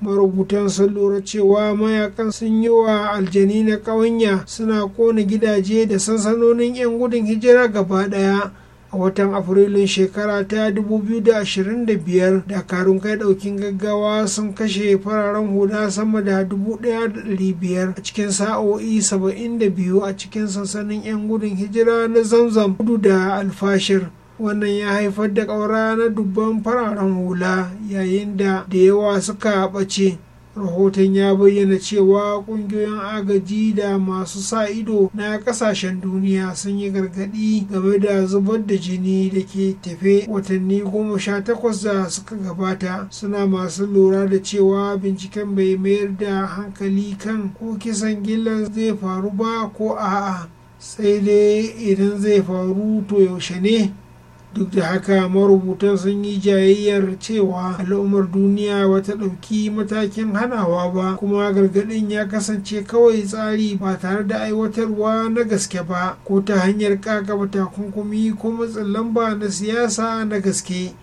marubutan sun lura cewa mayakan sun yi wa aljani na ƙawanya suna kona gidaje da sansanonin 'yan gudun hijira gaba daya. a watan afrilun shekara ta 2025 dakarun kai daukin gaggawa sun kashe fararen hula sama da 1,500 a cikin sa'o'i 72 a cikin sansanin 'yan gudun hijira na zamzam gudu da alfashir wannan ya haifar da ƙaura na dubban fararen hula yayin da da yawa suka ɓace rahoton ya bayyana cewa kungiyoyin agaji da masu sa ido na kasashen duniya sun yi gargadi game da zubar da jini da ke tafe watanni goma sha takwas da suka gabata suna masu lura da cewa binciken bai mayar da hankali kan ko kisan gillan zai faru ba ko a'a sai dai idan zai faru to yaushe ne duk da haka marubutan sun yi jayayyar cewa al'ummar duniya ba ta ɗauki matakin hanawa ba kuma gargaɗin ya kasance kawai tsari ba tare da aiwatarwa na gaske ba ko ta hanyar kakaba takunkumi ko matsin lamba na siyasa na gaske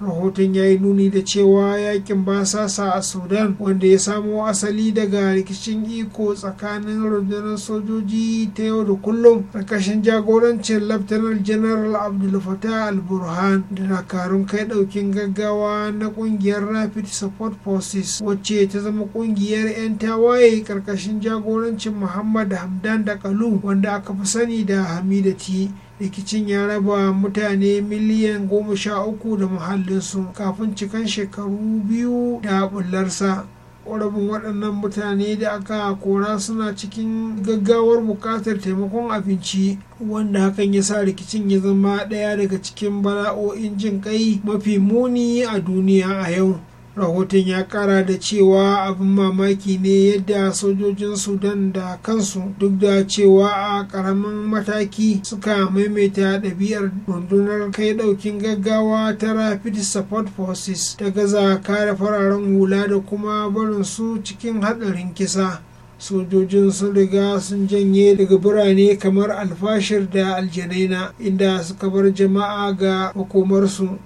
rahoton ya yi nuni da cewa yakin basasa a sudan wanda ya samo asali daga rikicin iko tsakanin rundunar sojoji ta yau da kullum ƙarƙashin jagorancin laftanar general abdul fatah al-burhan da dakarun kai ɗaukin gaggawa na ƙungiyar rapid support forces wacce ta zama ƙungiyar 'yan tawaye ƙarƙashin jagorancin muhammad hamdan da kalu wanda aka fi sani da hamidati rikicin ya raba mutane miliyan goma sha uku da muhallinsu kafin cikan shekaru biyu da bullarsa rabin waɗannan mutane da aka kora suna cikin gaggawar buƙatar taimakon abinci wanda hakan ya sa rikicin ya zama ɗaya daga cikin bala'o'in jin ƙai mafi muni a duniya a yau rahoton ya kara da cewa abin mamaki ne yadda sojojin sudan da kansu duk da cewa a karamin mataki suka maimaita ɗabi'ar rundunar kai ɗaukin gaggawa ta rapid support forces ta gaza kare fararen hula da kuma barin su cikin haɗarin kisa sojojin sun riga sun janye daga birane kamar alfashir da aljanaina inda suka bar jama'a ga hukumarsu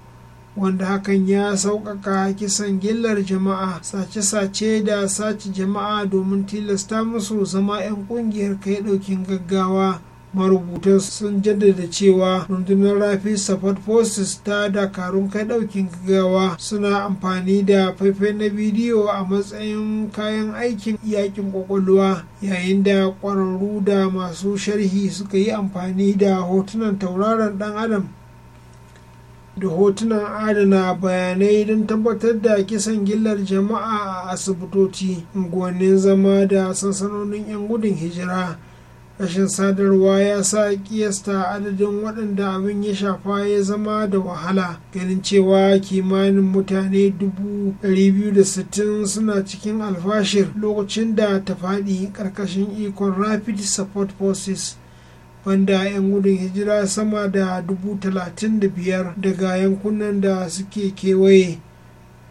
wanda hakan ya sauƙaƙa kisan gillar jama'a sace-sace da sace jama'a domin tilasta musu zama 'yan ƙungiyar kai ɗaukin gaggawa marubutan sun jaddada cewa rundunar rafi support forces ta dakarun kai ɗaukin gaggawa suna amfani da faifai na bidiyo a matsayin kayan aikin yakin ƙwaƙwalwa, yayin da kwararru da masu sharhi suka yi amfani da hotunan tauraron ɗan adam da hotunan adana bayanai don tabbatar da kisan gillar jama'a a asibitoci unguwannin zama da sansanonin 'yan gudun hijira rashin sadarwa ya sa kiyasta adadin waɗanda abin ya shafa ya zama da wahala ganin cewa kimanin mutane 260 suna cikin alfashir lokacin da ta faɗi ƙarƙashin ikon rapid support forces wanda 'yan gudun hijira sama da dubu talatin da biyar daga yankunan da suke kewaye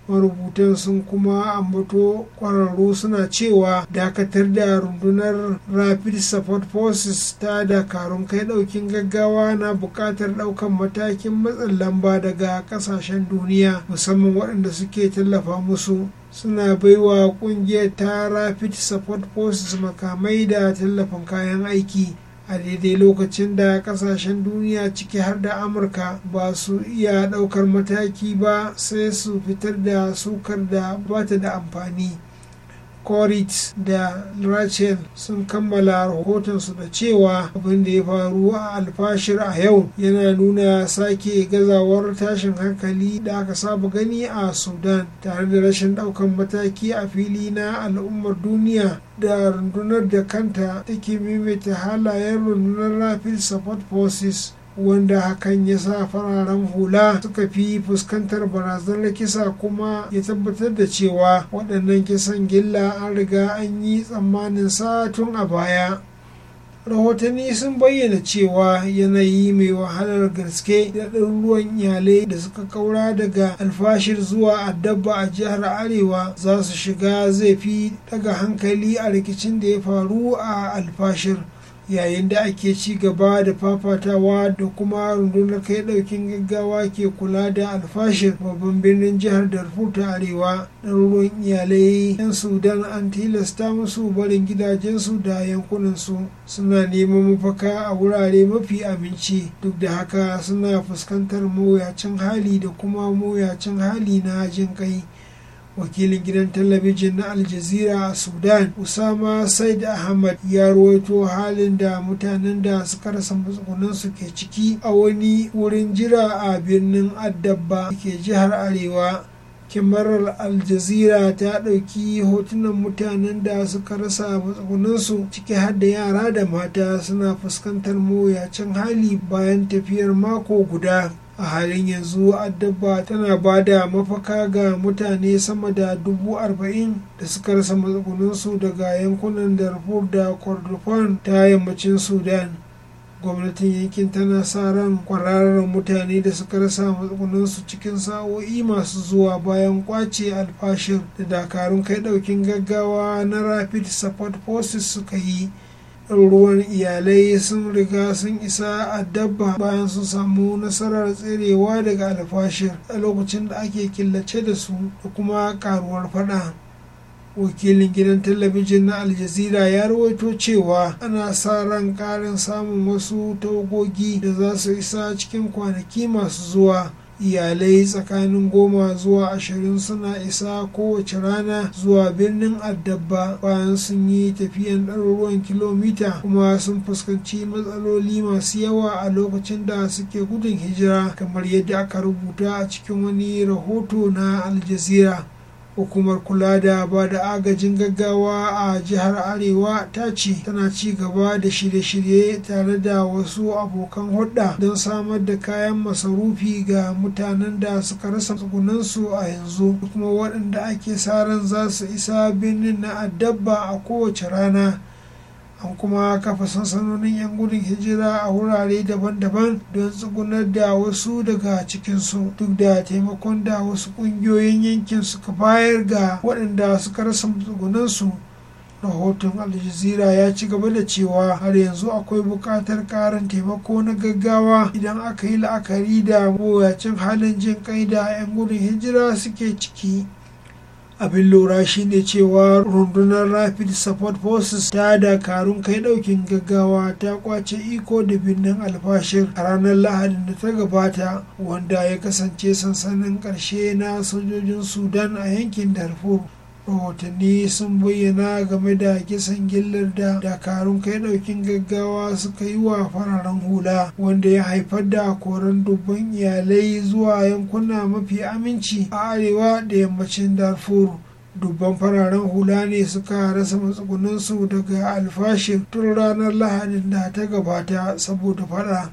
marubutan sun kuma ambato kwararru suna cewa dakatar da rundunar rapid support forces ta dakarun kai daukin gaggawa na bukatar daukan matakin matsin lamba daga kasashen duniya musamman waɗanda suke tallafa musu suna baiwa kungiyar ta rapid support forces makamai da tallafin kayan aiki a daidai lokacin da kasashen duniya ciki har da amurka ba su iya daukar mataki ba sai su fitar da sukar da bata da amfani Koritz da Rachel sun kammala rahotonsu da cewa abin da ya faru a alfashir a yau yana nuna sake gazawar tashin hankali da aka saba gani a Sudan tare da rashin daukan mataki a fili na al'ummar duniya da rundunar da kanta take maimaita halayen rundunar Rapid Support Forces wanda hakan ya sa fararen hula suka fi fuskantar barazanar kisa kuma ya tabbatar da cewa waɗannan kisan gilla an riga an yi tsammanin sa tun a baya rahotanni sun bayyana cewa yanayi mai wahalar gaske da ɗaruruwan iyalai da suka kaura daga alfashir zuwa addabba a jihar arewa za su shiga zai fi daga hankali a rikicin da ya faru a alfashir yayin da ake ci gaba da fafatawa da kuma rundunar kai daukin gaggawa ke kula da alfashin babban birnin jihar darfur ta arewa ɗaruruwan iyalai 'yan sudan an tilasta musu barin gidajensu da yankunansu suna neman mafaka a wurare mafi aminci duk da haka suna fuskantar mawuyacin hali da kuma mawuyacin hali na jin kai wakilin gidan talabijin na aljazira a sudan usama said ahmad ya ruwaito halin da mutanen da suka rasa matsugunansu ke ciki a wani wurin jira a birnin addabba ke jihar arewa kimarar aljazira ta ɗauki hotunan mutanen da suka rasa matsugunansu ciki har da yara da mata suna fuskantar mawuyacin hali bayan tafiyar mako guda a halin yanzu addabba tana ba da mafaka ga mutane sama da dubu arba'in da suka rasa matsugunansu daga yankunan darfur da kordofan ta yammacin sudan gwamnatin yankin tana sa ran kwararren mutane da suka rasa matsugunansu cikin sa'o'i masu zuwa bayan kwace alfashin da dakarun kai daukin gaggawa na rapid support forces suka yi Ruwan iyalai sun riga sun isa a dabba bayan sun samu nasarar tserewa daga alfashir a lokacin da ake killace da su da kuma karuwar fada wakilin gidan talabijin na aljazira ya rawaito cewa ana sa ran karin samun wasu tagogi da za su isa cikin kwanaki masu zuwa iyalai tsakanin goma zuwa ashirin suna isa kowace rana zuwa birnin addabba bayan sun yi tafiyan ɗaruruwan kilomita kuma sun fuskanci matsaloli masu yawa a lokacin da suke gudun hijira kamar yadda aka rubuta a cikin wani rahoto na aljazeera hukumar kula da ba da agajin gaggawa a jihar arewa ta ce tana ci gaba da shirye-shirye tare da wasu abokan hulɗa don samar da kayan masarufi ga mutanen da suka rasa tsugunansu a yanzu kuma waɗanda ake sa ran za su isa birnin na addabba a kowace rana an kuma kafa sansanonin 'yan gudun hijira a wurare daban-daban don tsugunar da wasu daga cikinsu duk da taimakon da wasu ƙungiyoyin yankin suka bayar ga waɗanda suka rasa tsugunansu rahoton Aljazeera ya ci gaba da cewa har yanzu akwai buƙatar ƙarin taimako na gaggawa idan aka yi la'akari da mawuyacin halin jin kai da 'yan gudun hijira suke ciki abin lura shine cewa rundunar rapid support forces ta dakarun kai daukin gaggawa ta kwace iko da birnin alfashir a ranar lahadin da ta gabata wanda ya kasance sansanin karshe na sojojin sudan a yankin darfur rahotanni sun bayyana game da kisan gillar da dakarun kai daukin gaggawa suka yi wa fararen hula wanda ya haifar da koran dubban iyalai zuwa yankuna mafi aminci a arewa da yammacin darfur dubban fararen hula ne suka rasa matsugunansu daga alfashin tun ranar lahadin da ta gabata saboda fada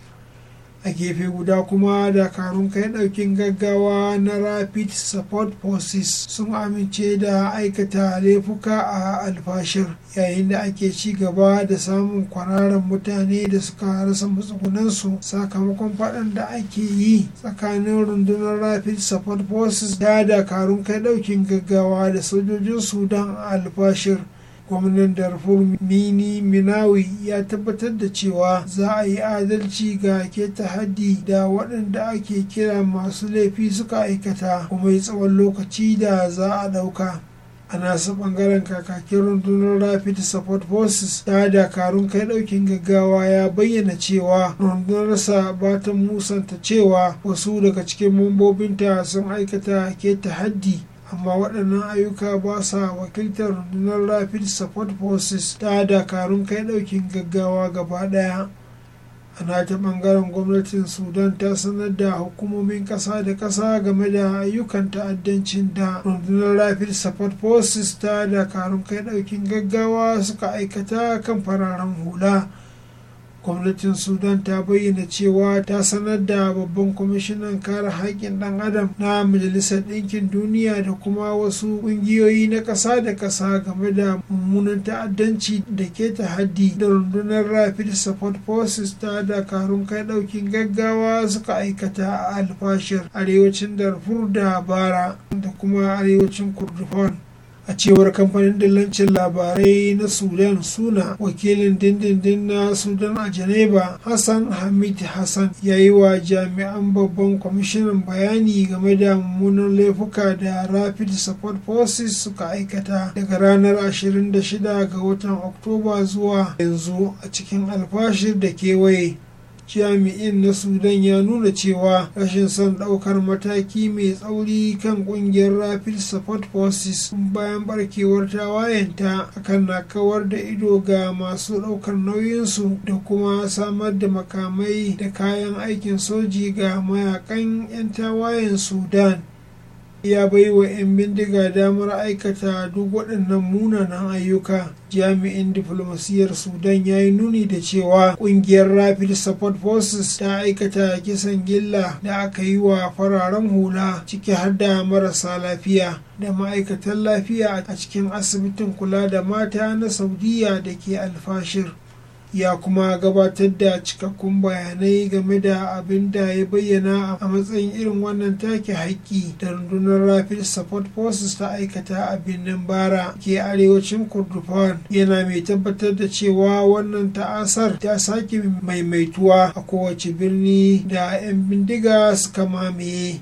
a gefe guda kuma dakarun kai daukin gaggawa na rapid support forces sun amince da aikata laifuka a alfashir yayin da ake ci gaba da samun kwararan mutane da suka rasa matsugunansu sakamakon faɗan da ake yi tsakanin rundunar rapid support forces da dakarun kai daukin gaggawa da sojojin sudan alfashir gwamnan darfur mini minawi ya tabbatar da cewa za a yi adalci ga keta haddi da waɗanda ake kira masu laifi suka aikata kuma yi tsawon lokaci da za a ɗauka a nasu ɓangaren kakakin rundunar rapid support forces ta dakarun kai ɗaukin gaggawa ya bayyana cewa rundunarsa ba ta musanta cewa wasu daga cikin mambobinta sun aikata ke haddi. amma waɗannan ayyuka ba sa wakiltar rundunar rapid support forces ta dakarun kai ɗaukin gaggawa gaba ɗaya a nata ɓangaren gwamnatin sudan ta sanar da hukumomin ƙasa da ƙasa game da ayyukan ta'addancin da rundunar rapid support forces ta dakarun kai ɗaukin gaggawa suka aikata kan fararen hula gwamnatin sudan ta bayyana cewa ta sanar da babban kwamishinan kare haƙƙin ɗan adam na majalisar ɗinkin duniya da kuma wasu ƙungiyoyi na ƙasa da ƙasa game da mummunan ta'addanci da ke ta haddi da rundunar rapid support forces ta dakarun kai ɗaukin gaggawa suka aikata a alfashir arewacin darfur da bara da kuma arewacin kurdufan a cewar kamfanin dillancin labarai na sudan suna wakilin dindindin na sudan a geneva hassan hamid hassan ya yi wa jami'an babban kwamishinan bayani game da mummunan laifuka da rapid support forces suka aikata daga ranar 26 ga watan oktoba zuwa yanzu a cikin alfashir da kewaye jami'in na sudan ya nuna cewa rashin son daukar mataki mai tsauri kan kungiyar rapid support forces bayan barkewar tawayenta akan na kawar da ido ga masu daukar nauyinsu da kuma samar da makamai da kayan aikin soji ga mayakan 'yan tawayen sudan ya bai wa 'yan bindiga damar aikata duk waɗannan munanan ayyuka jami'in diflomasiyyar sudan ya yi nuni da cewa ƙungiyar rapid support forces ta aikata kisan gilla da aka yi wa fararen hula ciki har da marasa lafiya da ma'aikatan lafiya a cikin asibitin kula da mata na saudiya da ke alfashir ya kuma gabatar da cikakkun bayanai game da abin da ya bayyana a matsayin irin wannan take haƙƙi da rundunar rapid support forces ta aikata a birnin bara ke arewacin kurdufan yana mai tabbatar da cewa wannan ta'asar ta sake maimaituwa a kowace birni da 'yan bindiga suka mamaye